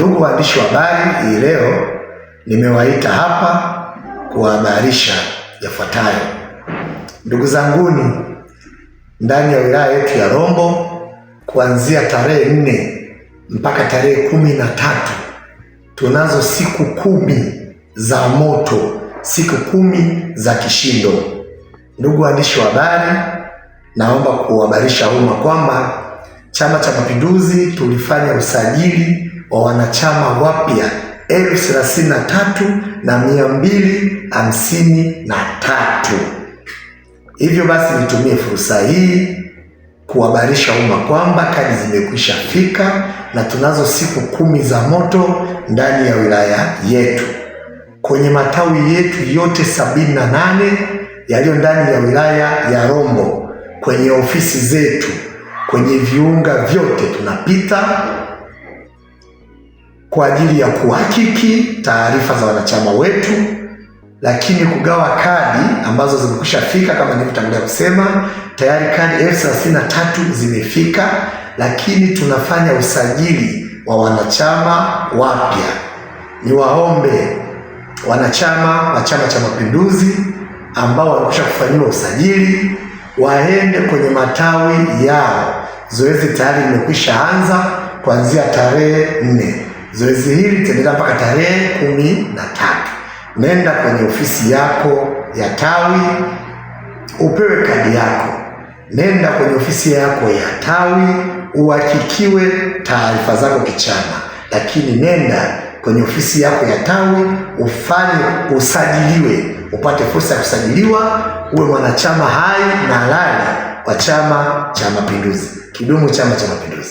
Ndugu waandishi wa habari, hii leo nimewaita hapa kuwahabarisha yafuatayo. Ndugu zanguni, ndani ya wilaya yetu ya Rombo kuanzia tarehe nne mpaka tarehe kumi na tatu tunazo siku kumi za moto, siku kumi za kishindo. Ndugu waandishi wa habari, naomba kuhabarisha umma kwamba Chama cha Mapinduzi tulifanya usajili wa wanachama wapya elfu thelathini na tatu na mia mbili hamsini na tatu. Hivyo basi nitumie fursa hii kuhabarisha umma kwamba kadi zimekwisha fika na tunazo siku kumi za moto ndani ya wilaya yetu kwenye matawi yetu yote sabini na nane yaliyo ndani ya wilaya ya Rombo, kwenye ofisi zetu, kwenye viunga vyote tunapita kwa ajili ya kuhakiki taarifa za wanachama wetu, lakini kugawa kadi ambazo zimekwishafika. Kama nilivyotangulia kusema, tayari kadi elfu thelathini na tatu zimefika, lakini tunafanya usajili wa wanachama wapya. Niwaombe wanachama wa Chama cha Mapinduzi ambao wamekwisha kufanyiwa usajili waende kwenye matawi yao. Zoezi tayari limekwisha anza kuanzia tarehe nne. Zoezi hili litaendelea mpaka tarehe kumi na tatu. Nenda kwenye ofisi yako ya tawi upewe kadi yako. Nenda kwenye ofisi yako ya tawi uhakikiwe taarifa zako kichana, lakini nenda kwenye ofisi yako ya tawi ufanye usajiliwe, upate fursa ya kusajiliwa, uwe mwanachama hai na halali wa Chama cha Mapinduzi. Kidumu Chama cha Mapinduzi!